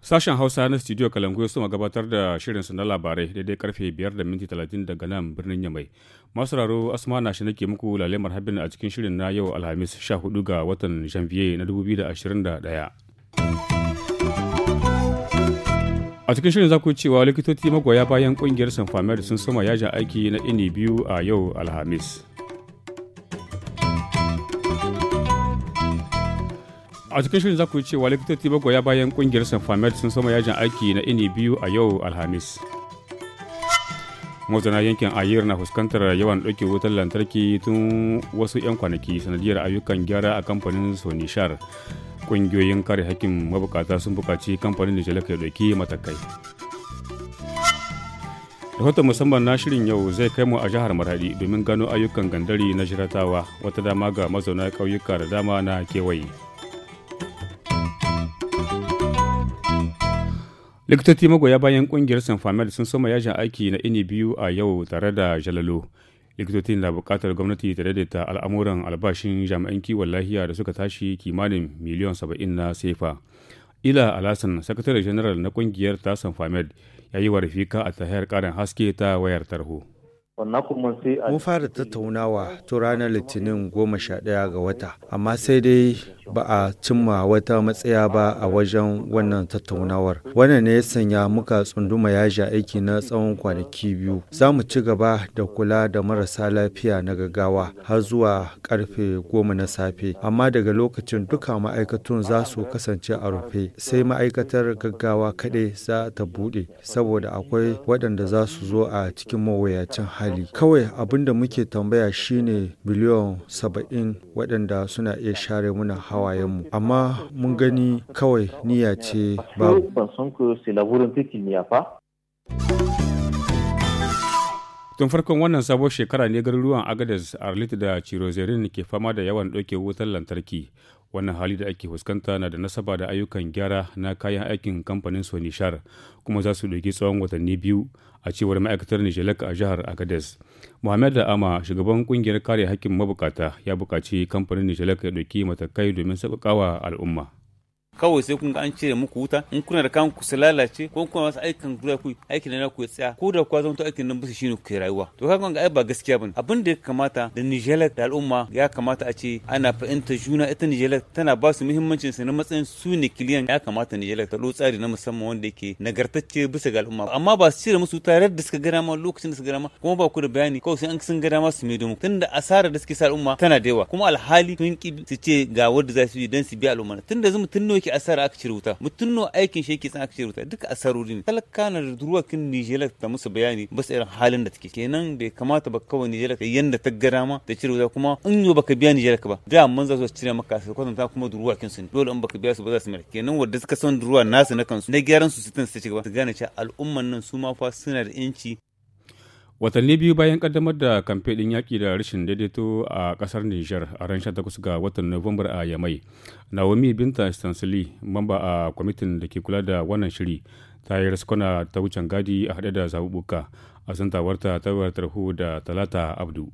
sashen hausa na studio kalangu ya soma gabatar da shirin su na labarai daidai karfe 5 da minti 30 daga nan birnin yamai masu raro asma na shi nake muku lalemar habin a cikin shirin na yau alhamis 14 ga watan janvier na 2021 a cikin shirin za cewa likitoci magoya bayan kungiyar famer sun soma yajin aiki na ini biyu a yau alhamis a cikin shirin za cewa likitoci magoya bayan kungiyar famer sun soma yajin aiki na ini biyu a yau alhamis mazana yankin ayer na fuskantar yawan ɗauke wutar lantarki tun wasu 'yan kwanaki sanadiyar ayyukan gyara a kamfanin sonishar ƙungiyoyin kare hakkin mabukata sun buƙaci kamfanin da jalaka ya ɗauki matakai rahoton musamman na shirin yau zai kai mu a jihar maradi domin gano ayyukan gandari na shiratawa wata dama ga mazauna ƙauyuka da dama na kewaye likitoci magoya bayan kungiyar samfamed sun soma yajin aiki na ini biyu a yau tare da jalalo likitoci na bukatar gwamnati ta daidaita al'amuran albashin jami'an kiwon lafiya da suka tashi kimanin miliyan saba'in na sefa ila alasan sakatare janaral na kungiyar ta famed ya yi wa rafika a tahayar karin haske ta wayar tarho Mun fara tattaunawa ta ranar Litinin goma sha ɗaya ga wata, amma sai dai ba a cimma wata matsaya ba a wajen wannan tattaunawar. Wannan ne ya sanya muka tsunduma yaji aiki na tsawon kwanaki biyu. Za mu ci gaba da kula da marasa lafiya na gaggawa har zuwa karfe goma na safe, amma daga lokacin duka ma'aikatun za su kasance a rufe, sai ma'aikatar gaggawa kaɗai za ta buɗe, saboda akwai waɗanda za su zo a cikin mawuyacin hali. hali kawai abin da muke tambaya shine miliyan saba'in waɗanda suna iya share muna hawayenmu amma mun gani kawai niyya ce ba tun farkon wannan sabon shekara ne garuruwan agadez arlit da cirozerin ke fama da yawan ɗauke wutar lantarki wannan hali da ake fuskanta na da nasaba da ayyukan gyara na kayan aikin kamfanin sonishar kuma za su ɗauki tsawon watanni biyu a cewar ma'aikatar nijalak a jihar agades muhammad da ama shugaban kungiyar kare hakkin mabukata ya bukaci kamfanin nijalak ya ɗauki matakai domin sauƙaƙawa al'umma kawai sai kun ga an cire muku wuta in kuna da kanku su lalace ko kuna masu aikin guda ku aikin na ku tsaya ko da kuwa zanto aikin nan bisa shine ku rayuwa to kaga ga ai ba gaskiya bane abin da ya kamata da Nijar da al'umma ya kamata a ce ana fahimta juna ita Nijar tana ba su muhimmancin su na matsayin su ne kiliyan ya kamata Nijar ta lo tsari na musamman wanda yake nagartacce bisa ga al'umma amma ba su cire musu yadda da suka gara ma lokacin da suka gara ma kuma ba ku da bayani kawai sai an sun gara ma su mai domin tunda asarar da suke sa al'umma tana da yawa kuma alhali sun ki su ce ga wanda za su yi dan su bi al'umma tunda yanzu mutum ne yake asara aka cire wuta mutum nawa aikin shi yake san aka cire wuta duka asarori ne talaka na ruwakin Nijar ta musu bayani ba su irin halin da take kenan bai kamata ba kawai Nijar ta yanda ta gara ma ta cire wuta kuma in yau baka biya Nijar ka ba da mun za su cire maka su kwatanta kuma ruwakin su ne dole in baka biya su ba za su mira kenan wanda suka san ruwa nasu na kansu na gyaran su su tan su ci gaba su gane cewa al'umman nan su ma fa suna da yanci watanni biyu bayan kaddamar da kamfe din yaƙi da rashin daidaito a ƙasar niger a ran 18 ga watan november a yamai naomi binta stansili mamba a kwamitin da ke kula da wannan shiri ta yi raskwana ta wucin gadi a haɗe da zaɓuɓɓuka a santawarta ta wayar tarho da talata abdu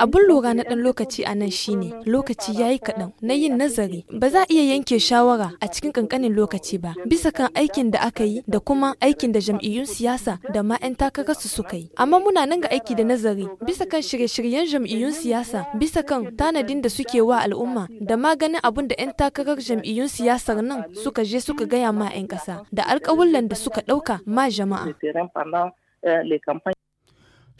Abin lura na ɗan lokaci a nan shine lokaci ya yi kaɗan na yin nazari ba za a iya yanke shawara a cikin ƙanƙanin lokaci ba bisa kan aikin da aka yi da kuma aikin da jam'iyyun siyasa da ma 'yan takararsu suka yi. Amma muna nan ga aiki da nazari bisa kan shirye-shiryen jam'iyyun siyasa bisa kan tanadin da suke wa al'umma da maganin ganin abin da 'yan takarar jam'iyyun siyasar nan suka je suka gaya ma 'yan ƙasa da alƙawullan da suka ɗauka ma jama'a.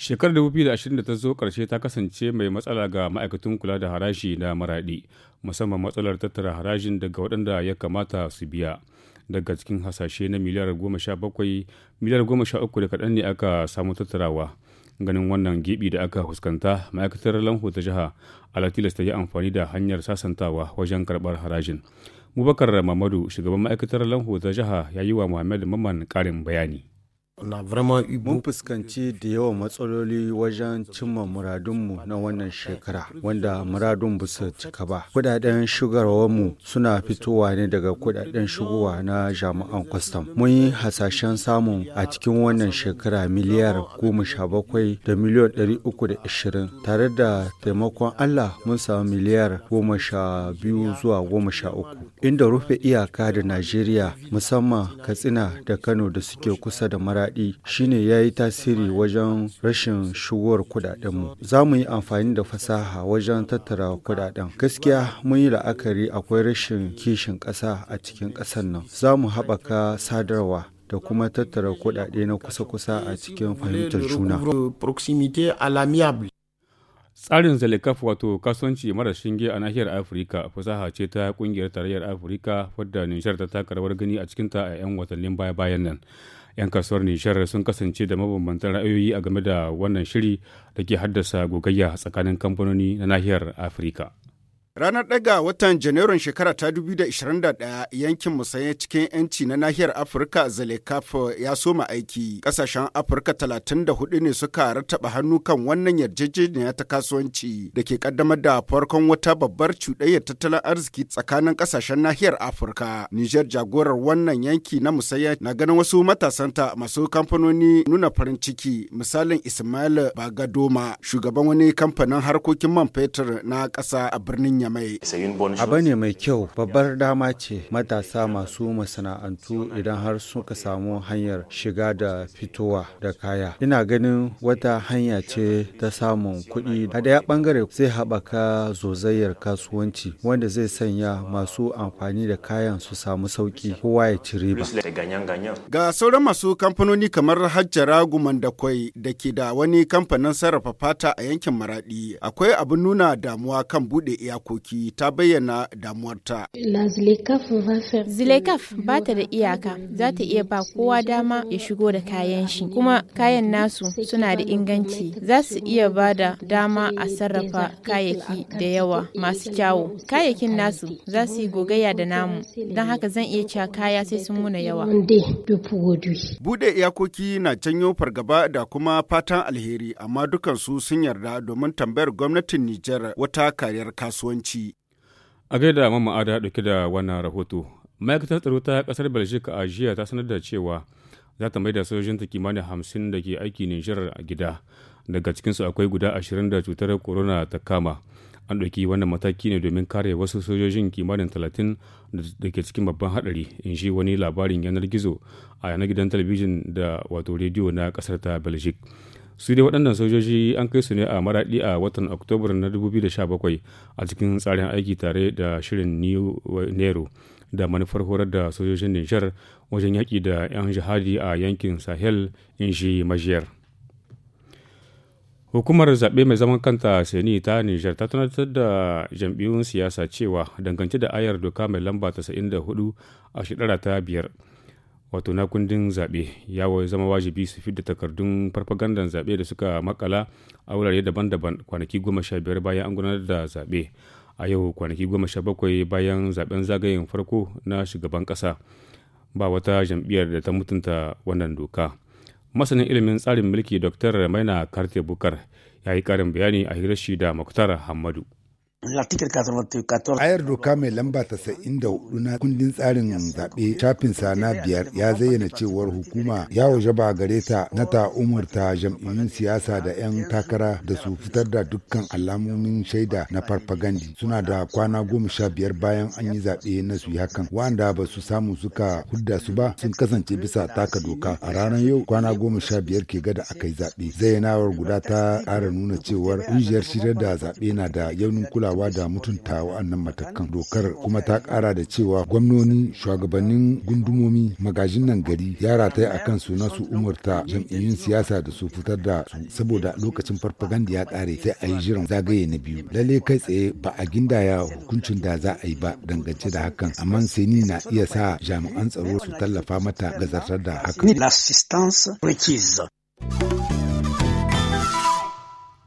Shekarar 2020 da ta zo ƙarshe ta kasance mai matsala ga ma'aikatan kula da haraji na maraɗi, musamman matsalar tattara harajin daga waɗanda ya kamata su biya. Daga cikin hasashe na miliyar goma sha bakwai, miliyar goma sha uku da kaɗan ne aka samu tattarawa. Ganin wannan gibi da aka fuskanta, ma'aikatar lanho ta jiha Alatilas ta yi amfani da hanyar sasantawa wajen karɓar harajin. Mubakar Mamadu, shugaban ma'aikatar lanho ta jiha, ya yi wa Muhammad Maman ƙarin bayani. Mun fuskanci da yawan matsaloli wajen cimma muradunmu na wannan shekara, wanda muradun ba su cika ba. Kudaden mu suna fitowa ne daga kudaden shigowa na jami'an kwastam. Mun yi hasashen samun a cikin wannan shekara miliyar goma sha bakwai da miliyon ɗari uku da ashirin, tare da taimakon Allah mun samu miliyar goma sha biyu zuwa goma sha uku. Inda rufe iyaka da Najeriya musamman Katsina da Kano da suke kusa da mara kuɗaɗe shine ya yi tasiri wajen rashin shigowar mu Za mu yi amfani da fasaha wajen tattara kudaden Gaskiya mun yi la'akari akwai rashin kishin kasa a cikin ƙasar nan. Za mu haɓaka sadarwa da kuma tattara kudade na kusa-kusa a cikin fahimtar juna. Tsarin Zalikaf wato kasuwanci mara shinge a nahiyar Afirka fasaha ce ta kungiyar tarayyar Afirka wadda Nijar ta taka rawar gani a cikinta a 'yan watannin baya-bayan nan. 'yan kasuwar nishar sun kasance da mabambantan ra'ayoyi a game da wannan shiri da ke haddasa gogayya tsakanin kamfanoni na nahiyar afirka Ranar ɗaga watan Janairun shekara ta 2021 yankin musayen cikin 'yanci na nahiyar Afirka Zalekaf ya soma aiki. Ƙasashen Afirka 34 ne suka rataba hannu kan wannan yarjejeniya ta kasuwanci da ke kaddamar da farkon wata babbar cuɗayyar tattalin arziki tsakanin ƙasashen nahiyar Afirka. Nijar jagorar wannan yanki na musayen na ganin wasu matasanta masu kamfanoni nuna farin ciki misalin Ismail Bagadoma shugaban wani kamfanin harkokin man fetur na ƙasa a birnin birnin mai. Abu ne mai kyau babbar dama ce matasa masu masana'antu idan har suka samu hanyar shiga da fitowa da kaya. Ina ganin wata hanya ce ta samun kuɗi. A daya bangare zai haɓaka zozayyar kasuwanci wanda zai sanya masu amfani da kayan su samu sauki kowa ya ci riba. Ga sauran masu kamfanoni kamar Hajjara Guman da Kwai da ke da wani kamfanin sarrafa fata a yankin maraɗi akwai abin nuna damuwa kan buɗe iyaku. iyakoki ta bayyana damuwarta. Zilekaf ba ta da iyaka za ta iya ba kowa dama ya shigo da kayan shi kuma kayan nasu suna da inganci za su iya ba da dama a sarrafa kayayyaki da yawa masu kyawu kayayyakin nasu za su yi gogayya da namu don haka zan iya cewa kaya sai sun muna yawa. Bude iyakoki na canyo fargaba da kuma fatan alheri amma dukansu sun yarda domin tambayar gwamnatin Nijar wata kariyar kasuwanci. kasuwanci. A gaida mama'ada dauke da wannan rahoto, ma'aikatar tsaro ta kasar belgium a jiya ta sanar da cewa za ta maida sojojinta kimanin hamsin da ke aiki Nijar a gida. Daga cikinsu akwai guda ashirin da cutar corona ta kama. An ɗauki wannan mataki ne domin kare wasu sojojin kimanin talatin da ke cikin babban haɗari, in ji wani labarin yanar gizo a yanar gidan talabijin da wato rediyo na ƙasar ta Belgium. su dai waɗannan sojoji an kai su ne a maraɗi a watan oktobar na 2017 a cikin tsarin aiki tare da shirin nero da manufar horar da sojojin nijar wajen yaƙi da 'yan jihadi a yankin sahel in shi majiyar hukumar zaɓe mai zaman kanta seni ta nijar ta tunatar da jam'iyyun siyasa cewa dangance da ayar doka mai lamba 94 a shekara ta biyar wato na kundin zaɓe ya zama wajibi su fidda takardun farfagandan zaɓe da suka makala a wurare daban-daban kwanaki goma sha biyar bayan an gudanar da zaɓe a yau kwanaki goma sha bakwai bayan zaɓen zagayen farko na shugaban ƙasa ba wata jam'iyyar da ta mutunta wannan doka masanin ilimin tsarin mulki dr maina karte bukar ya yi karin bayani a hirar shi da muktar hamadu Ayar doka mai lamba hudu na kundin tsarin zaɓe shafin sa na biyar ya zayyana cewar hukuma ya waje ba gare ta na ta umarta jam'iyyun siyasa da 'yan takara da su fitar da dukkan alamomin shaida na farfagandi suna da kwana goma sha biyar bayan an yi zaɓe na su hakan wanda ba su samu suka hudda su ba sun kasance bisa taka doka a ranar yau kwana goma sha biyar ke gada aka yi zaɓe zayyanawar guda ta ƙara nuna cewar ƙungiyar shirya da zaɓe na da yaunin kula kulawa da mutunta wa'annan matakan dokar kuma ta kara da cewa gwamnoni shugabannin gundumomi magajin nan gari ya ta a kan su su umarta jam'iyyun siyasa da su fitar da su saboda lokacin farfaganda ya kare sai a yi jiran zagaye na biyu lalle kai tsaye ba a gindaya hukuncin da za a yi ba dangance da hakan amma sai na iya sa jami'an tsaro su tallafa mata ga zartar da hakan.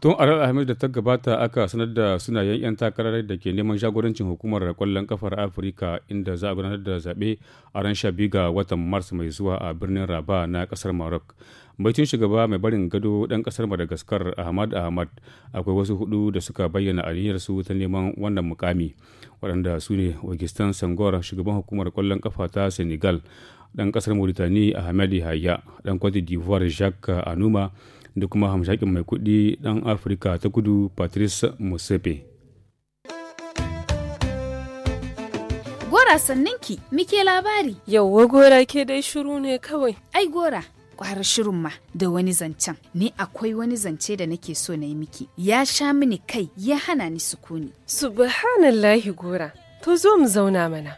tun a alhamis da ta gabata aka sanar da sunayen 'yan takarar da ke neman jagorancin hukumar kwallon kafar afirka inda za a gudanar da zaɓe a ran biyu ga watan mars mai zuwa a birnin raba na ƙasar maroc baitin shugaba mai barin gado ɗan ƙasar madagaskar ahmad ahmad akwai wasu hudu da suka bayyana su ta neman wannan mukami waɗanda su ne wagistan sangor shugaban hukumar kwallon kafa ta senegal ɗan ƙasar mauritani ahmed yahaya ɗan cote d'ivoire jacques anuma da kuma hamshakin mai kuɗi ɗan afirka ta kudu patrice musepe gora sanninki muke labari yauwa gora ke dai shiru ne kawai ai gora ƙwara shirin ma da wani zancen ni akwai wani zance da nake so na yi miki ya sha mini kai ya hana ni sukuni subhanallahi gora to zo mu zauna mana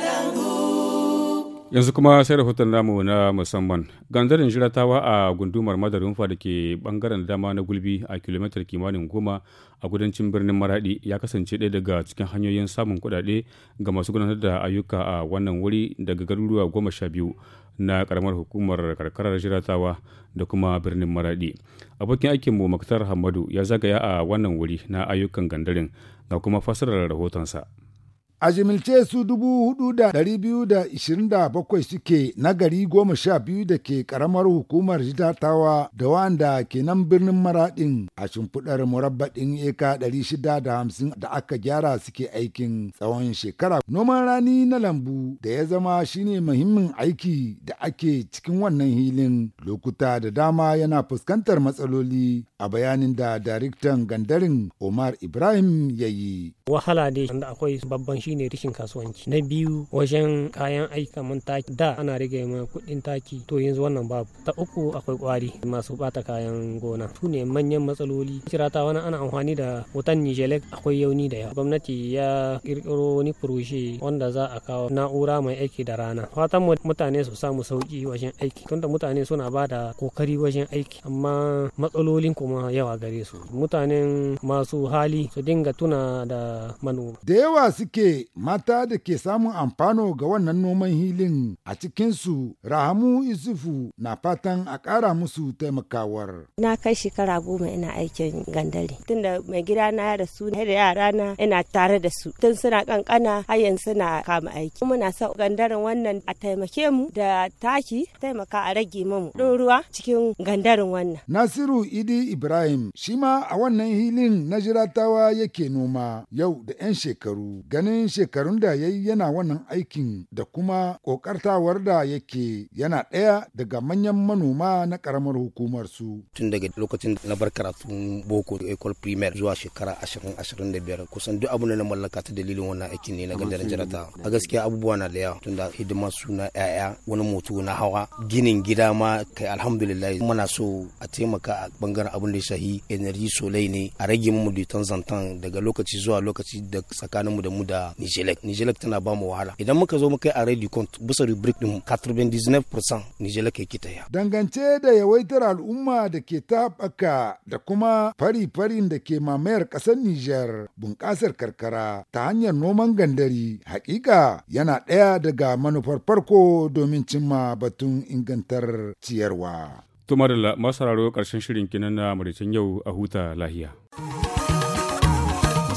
yanzu kuma sai rahoton namu na musamman gandarin jiratawa a gundumar madarin da ke bangaren dama na gulbi a kilomitar kimanin goma a gudancin birnin maradi ya kasance ɗaya daga cikin hanyoyin samun kuɗaɗe ga masu gudanar da ayyuka a wannan wuri daga garuruwa goma sha biyu na karamar hukumar karkarar jiratawa da kuma birnin maradi abokin aikin mu muktar hamadu ya zagaya a wannan wuri na ayyukan gandarin ga kuma fassarar rahotonsa A jimilce su bakwai suke na gari goma sha biyu da ke karamar hukumar jitatawa da wanda ke nan birnin maraɗin a shimfiɗar murabbaɗin eka 650 da aka gyara suke aikin tsawon shekara. Noman rani na lambu da ya zama shine muhimmin aiki da ake cikin wannan hilin lokuta da dama yana fuskantar matsaloli a bayanin da daraktan gandarin Omar Ibrahim ya yi. Wahala ne akwai babban shi shine rikin kasuwanci na biyu wajen kayan aika kamar taki da ana rage ma kuɗin taki to yanzu wannan babu ta uku akwai kwari masu bata kayan gona su ne manyan matsaloli ta wani ana amfani da wutan nijelek akwai yauni da yawa gwamnati ya kirkiro wani furushe wanda za a kawo na'ura mai aiki da rana fatan mutane su samu sauki wajen aiki tunda mutane suna ba da kokari wajen aiki amma matsalolin kuma yawa gare su mutanen masu hali su dinga tuna da manoma da yawa suke mata da ke samun amfano ga wannan noman hilin a cikinsu Rahamu Isufu na fatan a ƙara musu taimakawar. Na kai shekara goma ina aikin gandare. da mai gida na da su da yara na ina tare da su. Tun suna kankana har yanzu suna kama aiki. Muna sa gandaren wannan a taimake mu da taki taimaka a rage mamu ɗin ruwa cikin gandaren wannan. Nasiru Idi Ibrahim shima a wannan hilin na jiratawa yake noma yau da 'yan shekaru ganin shekarun da ya yi yana wannan aikin da kuma kokartawar da yake yana ɗaya daga manyan manoma na karamar hukumar su. Tun daga lokacin na bar karatu boko ecole primaire zuwa shekara ashirin ashirin da biyar kusan duk abin da na mallaka ta dalilin wannan aikin ne na gandar jarata. A gaskiya abubuwa na da yawa tun da hidima suna ‘ya'ya wani moto na hawa ginin gida ma kai alhamdulillah muna so a taimaka a bangaren abin da ya shahi energy solai ne a rage mu zantan zantan daga lokaci zuwa lokaci da tsakaninmu da mu da Nijelek. tana ba mu wahala. Idan muka zo muka yi a Redi Kont, bisa rubric din 99% Nijelek ya kita ya. Dangance da yawaitar al'umma da ke taɓaka da kuma fari-farin da ke mamayar ƙasar Nijar bunƙasar karkara ta hanyar noman gandari haƙiƙa yana ɗaya daga manufar farko domin cimma batun ingantar ciyarwa. Tumarila, masu ƙarshen shirin kinan na Maritin yau a huta lahiya.